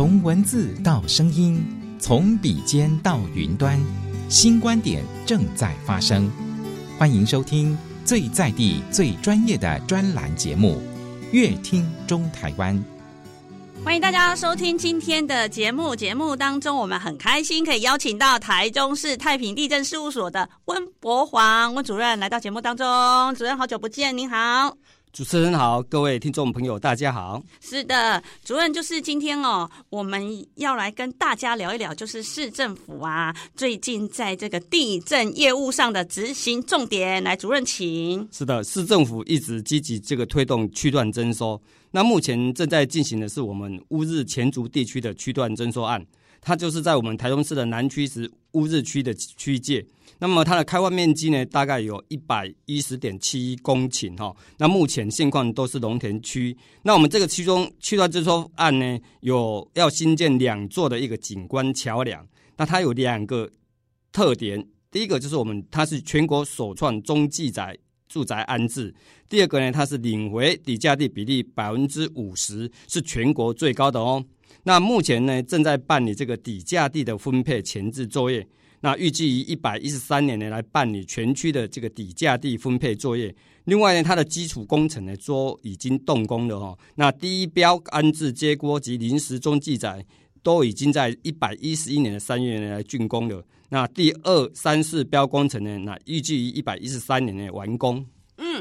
從文字到聲音，從筆尖到雲端，新觀點正在發生。歡迎收聽最在地、最專業的專欄節目《月聽中台灣》。歡迎大家收聽今天的節目。節目當中，我們很開心可以邀請到台中市太平地政事務所的溫博煌溫主任來到節目當中。主任，好久不見，您好。主持人好，各位聽眾朋友，大家好。是的，主任，就是今天哦，我們要來跟大家聊一聊，就是市政府啊，最近在這個地政業務上的執行重點。來，主任，請。是的，市政府一直積極這個推動區段徵收，那目前正在進行的是我們烏日前竹地區的區段徵收案。它就是在我們台中市的南區，時，烏日區的區界。那麼它的開發面積呢，大概有一百一十點七公頃哈。那目前現況都是農田區。那我們這個其中區段徵收案呢，有要新建兩座的一個景觀橋梁。那它有兩個特點：第一個就是我們它是全國首創中繼宅住宅安置；第二個呢，它是領回底價地比例百分之五十，是全國最高的哦。那目前呢，正在辦理這個抵價地的分配前置作業。那預計於一百一十三年呢，來辦理全區的這個抵價地分配作業。另外呢，它的基礎工程呢，都已經動工了哦，那第一標安置街廓及臨時中繼宅，都已經在一百一十一年的三月呢來竣工了。那第二、三四標工程呢，那預計於一百一十三年內完工。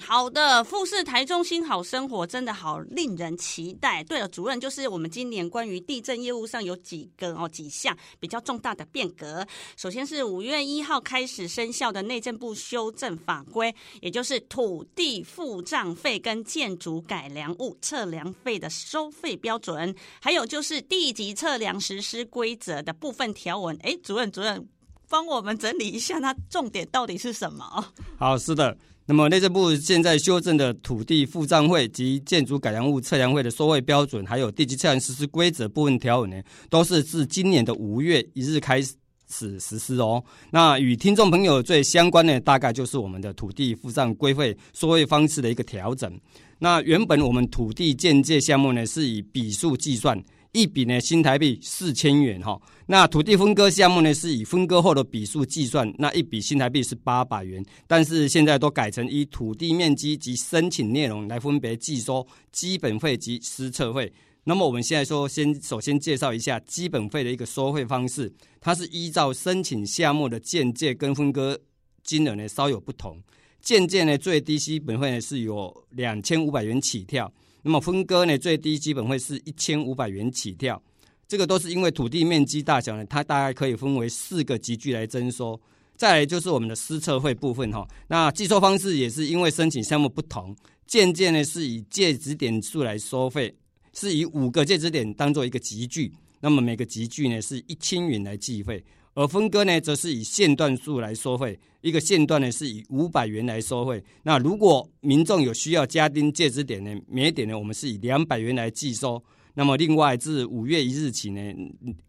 好的，富市臺中、新好生活真的好令人期待。對了，主任，就是我們今年關於地政業務上有幾個哦幾項比較重大的變革。首先是五月一號開始生效的內政部修正法規，也就是土地複丈費跟建築改良物測量費的收費標準，還有就是地籍測量實施規則的部分條文。哎，主任主任，幫我們整理一下，那重點到底是什麼？好，是的。那麼，內政部現在修正的土地複丈費及建築改良物測量費的收費標準，還有地籍測量實施規則部分條文呢，都是自今年的五月一日開始實施哦。那與聽眾朋友最相關的，大概就是我們的土地複丈規費收費方式的一個調整。那原本我們土地鑑界項目呢，是以筆數計算。一筆呢新台幣四千元哈，那土地分割項目呢是以分割後的筆數計算，那一筆新台幣是八百元，但是現在都改成以土地面積及申請內容來分別計收基本費及實測費。那麼我們現在說，先首先介紹一下基本費的一個收費方式，它是依照申請項目的鑑界跟分割金額呢稍有不同，鑑界呢最低基本費呢是有兩千五百元起跳。那麼分割呢，最低基本費是一千五百元起跳，這個都是因為土地面積大小呢，它大概可以分為四個級距來徵收。再來就是我們的施測費部分哈，那計收方式也是因為申請項目不同，漸漸呢是以界址點數來收費，是以五個界址點當做一個級距，那麼每個級距呢是一千元來計費。而分割呢，則是以線段數來收費。一個線段呢，是以五百元來收費。那如果民眾有需要加釘界址點呢，每一點呢，我們是以兩百元來計收。那麼，另外自五月一日起呢，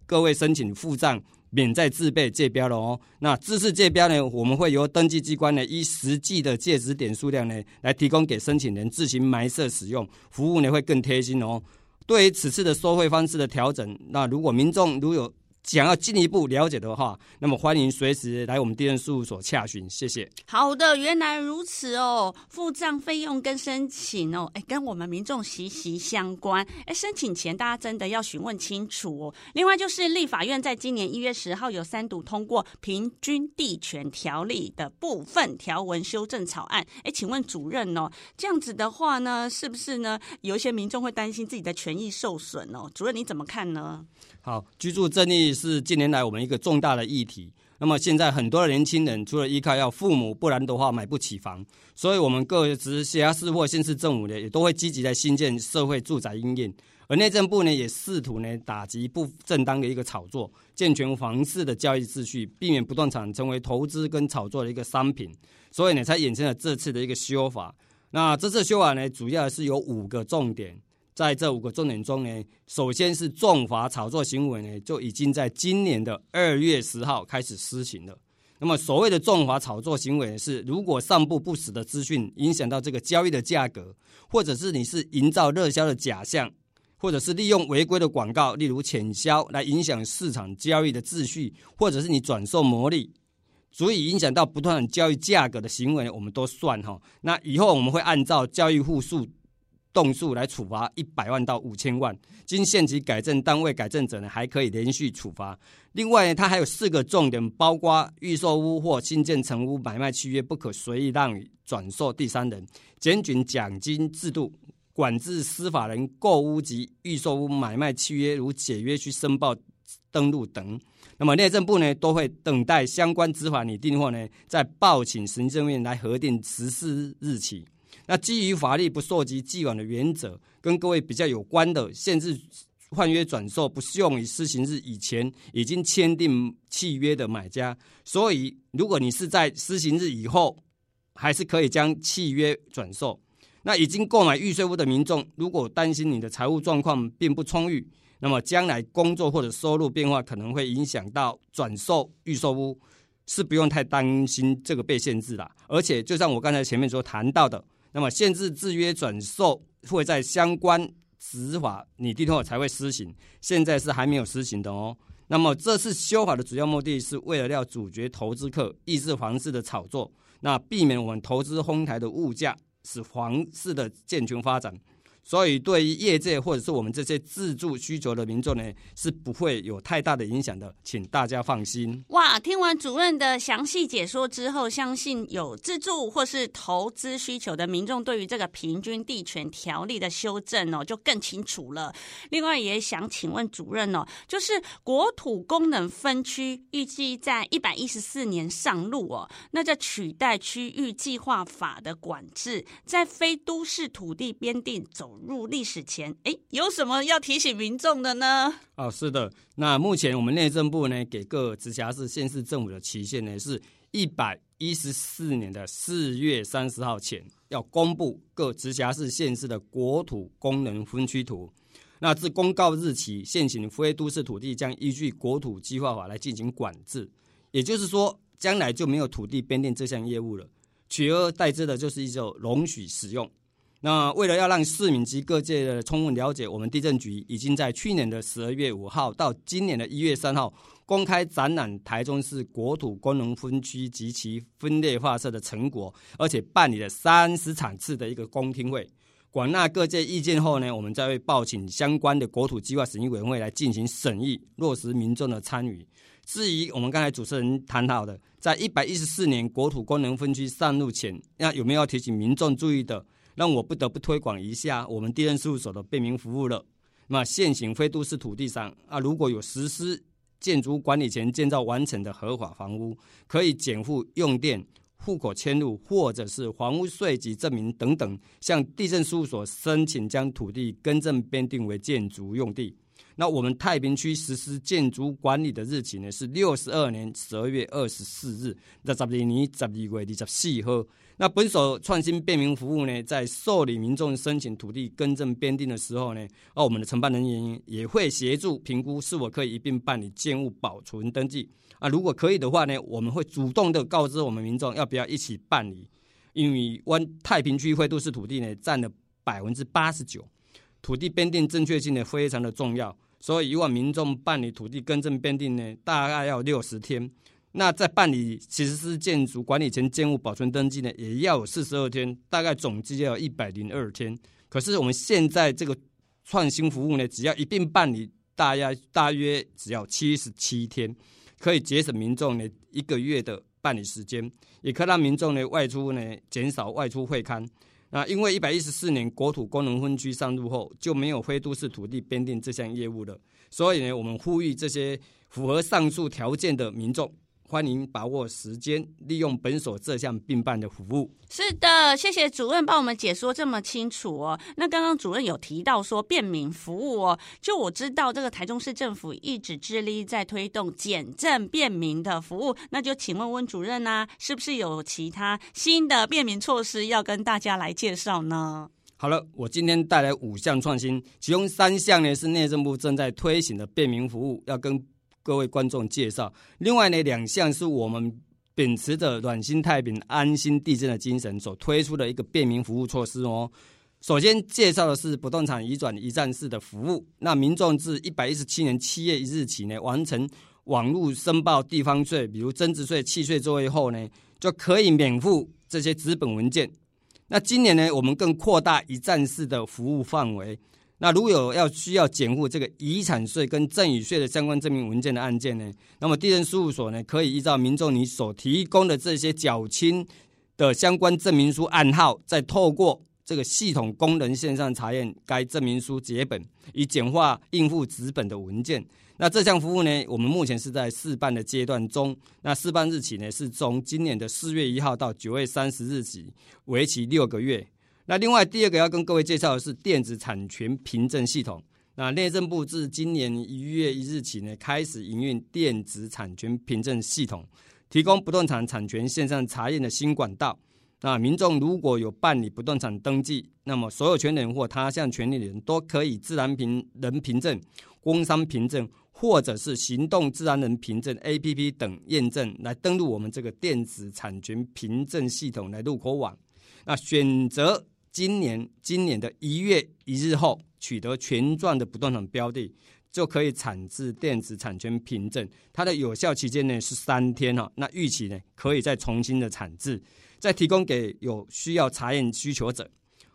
各位申請複丈免再自備界標了哦。那自置界標呢，我們會由登記機關呢，依實際的界址點數量呢，來提供給申請人自行埋設使用。服務呢，會更貼心哦、喔。對於此次的收費方式的調整，那如果民眾如有，想要進一步了解的話，那麼歡迎隨時來我們地政事務所洽詢。謝謝。好的，原來如此哦，複丈費用跟申請哦，哎、欸，跟我們民眾息息相關。哎、欸，申請前大家真的要詢問清楚哦。另外就是，立法院在今年一月十號有三讀通過平均地權條例的部分條文修正草案。哎、欸，請問主任哦，這樣子的話呢，是不是呢？有一些民眾會擔心自己的權益受損哦，主任你怎麼看呢？好，居住正義是近年來我們一個重大的議題。那麼現在很多的年輕人除了依靠要父母，不然的話買不起房。所以，我們各直轄市或縣市政府呢，也都會積極在興建社會住宅供應。而內政部呢，也試圖呢打擊不正當的一個炒作，健全房市的交易秩序，避免不動產成為投資跟炒作的一個商品。所以呢，才引申了這次的一個修法。那這次修法呢，主要是有五個重點。在這五個重點中呢，首先是重罰炒作行為呢，就已經在今年的二月十號開始施行了。那麼所謂的重罰炒作行為是，如果散布不實的資訊影響到這個交易的價格，或者是你是營造熱銷的假象，或者是利用違規的廣告，例如潛銷來影響市場交易的秩序，或者是你轉售牟利，足以影響到不斷交易價格的行為，我們都算哈。那以後我們會按照交易戶數。棟數來處罰一百萬到五千萬，經限期改正但未改正者呢，還可以連續處罰。另外呢，它還有四個重點，包括預售屋或新建成屋買賣契約不可隨意讓轉售第三人，檢舉獎金制度，管制私法人購屋及預售屋買賣契約如解約需申報登錄等。那麼內政部呢，都會等待相關執法擬定後呢，再報請行政院來核定實施日期。那基於法律不溯及既往的原則，跟各位比較有關的限制，換約轉售不適用於施行日以前已經簽訂契約的買家。所以，如果你是在施行日以後，還是可以將契約轉售。那已經購買預售屋的民眾，如果擔心你的財務狀況並不充裕，那麼將來工作或者收入變化可能會影響到轉售預售屋，是不用太擔心這個被限制的。而且，就像我剛才前面所談到的。那麼限制制約轉售會在相關執法擬定後才會施行，現在是還沒有施行的哦。那麼這次修法的主要目的是為了要阻絕投資客，抑制房市的炒作，那避免我們投資哄抬的物價，使房市的健全發展。所以，對於業界或者是我們這些自住需求的民眾呢，是不會有太大的影響的，請大家放心。哇，聽完主任的詳細解說之後，相信有自住或是投資需求的民眾，對於這個平均地權條例的修正哦，就更清楚了。另外，也想請問主任哦，就是國土功能分區預計在一百一十四年上路哦，那在取代區域計劃法的管制，在非都市土地編定走。入歷史前，誒，有什麼要提醒民眾的呢？哦，是的，那目前我們內政部呢，給各直轄市、縣市政府的期限呢，是一百一十四年的四月三十號前要公布各直轄市、縣市的國土功能分區圖。那自公告日起，現行非都市土地將依據國土計劃法來進行管制，也就是說，將來就沒有土地編定這項業務了，取而代之的就是一種容許使用。那為了要讓市民及各界的充分了解，我們地政局已經在去年的十二月五號到今年的一月三號公開展覽台中市國土功能分區及其分類劃設的成果，而且辦理了三十場次的一個公聽會，廣納各界意見後呢，我們再會報請相關的國土計劃審議委員會來進行審議，落實民眾的參與。至於我們剛才主持人談到的，在一百一十四年國土功能分區上路前，那有沒有要提醒民眾注意的？讓我不得不推廣一下我們地政事務所的便民服務了。那現行非都市土地上啊，如果有實施建築管理前建造完成的合法房屋，可以檢附用電、戶口遷入，或者是房屋稅籍證明等等，向地政事務所申請將土地更正編定為建築用地。那我們太平區實施建築管理的日期呢，是六十二年十二月二十四日，六十二年十二月二十四號。那本所創新便民服務呢，在受理民眾申請土地更正編定的時候呢，啊，我們的承辦人員也會協助評估是否可以一並辦理建物保存登記。啊，如果可以的話呢，我們會主動的告知我們民眾要不要一起辦理，因為灣太平區非都市土地呢占了百分之八十九，土地編定正確性呢非常的重要，所以以往民眾辦理土地更正編定呢，大概要六十天。那在辦理其實是建築管理前建物保存登記呢，也要有四十二天，大概總計要一百零二天。可是我們現在這個創新服務呢，只要一併辦理，大約大約只要七十七天，可以節省民眾呢一個月的辦理時間，也可以讓民眾呢外出呢減少外出會勘。那因為一百一十四年國土功能分區上路後，就沒有非都市土地編定這項業務了，所以呢，我們呼籲這些符合上述條件的民眾，歡迎把握時間，利用本所這項併辦的服務。是的，謝謝主任幫我們解說這麼清楚哦。那剛剛主任有提到說便民服務哦，就我知道這個台中市政府一直致力在推動簡政便民的服務，那就請問溫主任呢啊，是不是有其他新的便民措施要跟大家來介紹呢？好了，我今天帶來五項創新，其中三項呢是內政部正在推行的便民服務，要跟。各位觀眾介紹，另外呢，兩項是我們秉持着暖心、太平、安心、地政的精神所推出的一個便民服務措施哦。首先介紹的是不動產移轉一站式的服務，那民眾自一百一十七年七月一日起呢，完成網絡申報地方稅，比如增值稅、契稅作業後呢，就可以免付這些紙本文件。那今年呢，我們更擴大一站式的服務範圍。那如有要需要檢附這個遺產稅跟贈與稅的相關證明文件的案件呢，那麼地政事務所呢，可以依照民眾你所提供的這些繳清的相關證明書案號，再透過這個系統功能線上查驗該證明書結本，以簡化應付紙本的文件。那這項服務呢，我們目前是在試辦的階段中。那試辦日期呢，是從今年的四月一號到九月三十日止，為期六個月。那另外第二個要跟各位介紹的是電子產權憑證系統。那內政部自今年一月一日起呢，開始營運電子產權憑證系統，提供不動產產權線上查驗的新管道。那民眾如果有辦理不動產登記，那麼所有權人或他項權利的人都可以自然憑人憑證、工商憑證或者是行動自然人憑證 APP 等驗證來登錄我們這個電子產權憑證系統來入口網。那選擇。今年今年的一月一日後取得權狀的不動產標的，就可以產製，電子產權憑證，它的有效期間呢是三天哈，那逾期，呢可以再重新的產製，再提供給有需要查驗需求者，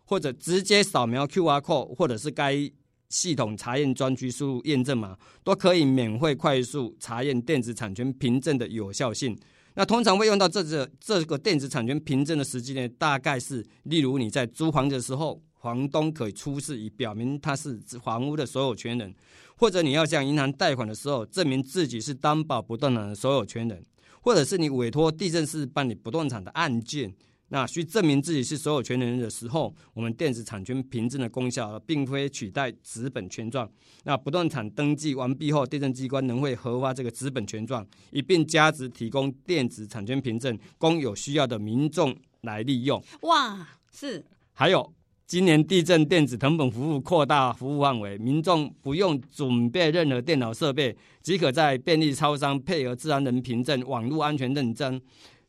或者直接掃描 QR code，或者是該系統查驗專區輸入驗證碼，都可以免費快速查驗電子產權憑證的有效性。那通常會用到這這個、這個電子產權憑證的時機呢？大概是，例如你在租房子的時候，房東可以出示以表明他是房屋的所有權人；或者你要向銀行貸款的時候，證明自己是擔保不動產的所有權人；或者是你委託地政士辦理不動產的案件。那需證明自己是所有權人的時候，我們電子產權憑證的功效，並非取代紙本權狀。那不動產登記完畢後，地政機關能會核發這個紙本權狀，以便加值提供電子產權憑證，供有需要的民眾來利用。哇，是。還有，今年地政電子謄本服務擴大服務範圍，民眾不用準備任何電腦設備，即可在便利超商配合自然人憑證網絡安全認證。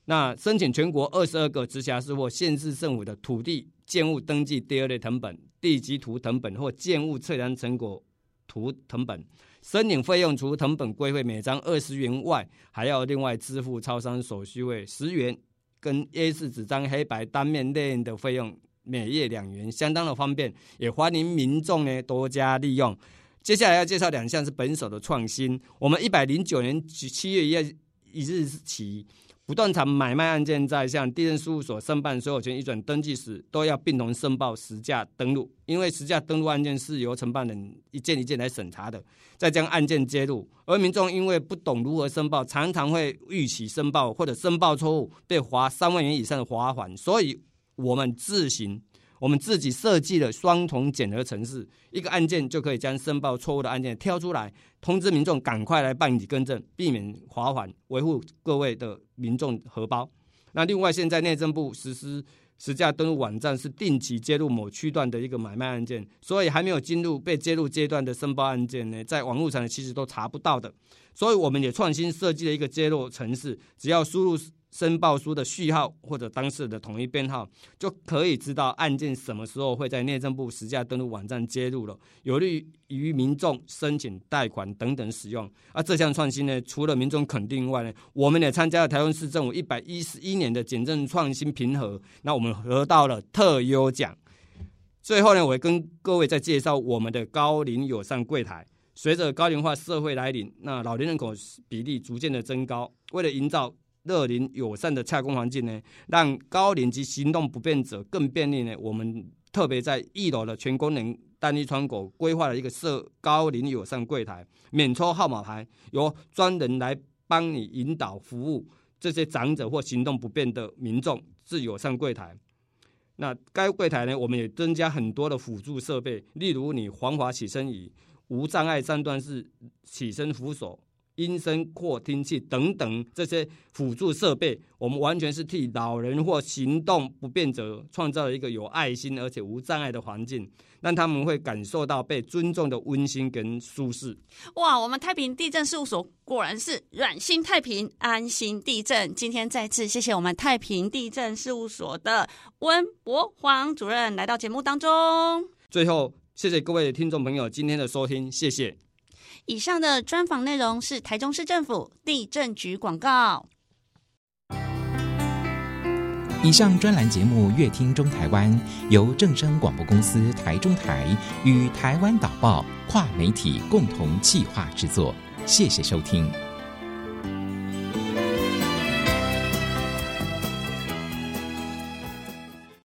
那申請全國二十二個直轄市或縣市政府的土地建物登記第二類謄本、地籍圖謄本或建物測量成果圖謄本，申請費用除謄本規費每張二十元外，還要另外支付超商手續費十元，跟 A 四紙張黑白單面列印的費用每頁兩元，相當的方便，也歡迎民眾呢多加利用。接下來要介紹兩項是本所的創新，我們一百零九年七月一日起。不動產買賣案件在向地政事務所申辦所有權移轉登記時，都要併同申報實價登錄，因為實價登錄案件是由承辦人一件一件來審查的，再將案件揭露。而民眾因為不懂如何申報，常常會逾期申報或者申報錯誤，被罰三萬元以上的罰鍰，所以我們自行。我們自己設計了雙重檢核程式，一個案件就可以將申報錯誤的案件挑出來，通知民眾趕快來辦理更正，避免罰鍰，維護各位的民眾的荷包。那另外，現在內政部實施實價登錄網站是定期揭露某區段的一個買賣案件，所以還沒有進入被揭露階段的申報案件呢，在網絡上其實都查不到的。所以我們也創新設計了一個揭露程式，只要輸入申報書的序號或者當事人的統一編號，就可以知道案件什麼時候會在內政部實價登錄網站揭露了，有利於民眾申請貸款等等使用啊。而這項創新呢，除了民眾肯定外呢，我們也參加了臺中市政府一百一十一年的簡政創新評核，那我們得到了特優獎。最後呢，我跟各位再介紹我們的高齡友善櫃檯。隨着高齡化社會來臨，那老年人口比例逐漸的增高，為了營造樂齡友善的洽公環境呢，讓高齡及行動不便者更便利呢。我們特別在一樓的全功能單一窗口規劃了一個設高齡友善櫃台，免抽號碼牌，由專人來幫你引導服務這些長者或行動不便的民眾至友善櫃台。那該櫃台呢，我們也增加很多的輔助設備，例如你防滑起身椅、無障礙三段式起身扶手。音聲擴聽器等等這些輔助設備，我們完全是替老人或行動不便者創造了一個有愛心而且無障礙的環境，讓他們會感受到被尊重的溫馨跟舒適。哇，我們太平地政事務所果然是暖心太平，安心地政。今天再次謝謝我們太平地政事務所的溫博煌主任來到節目當中。最後，謝謝各位聽眾朋友今天的收聽，謝謝。以上的專訪內容是台中市政府地政局廣告。以上專欄節目《樂聽中台灣》由正聲廣播公司台中台與台灣導報跨媒體共同企劃製作，謝謝收聽。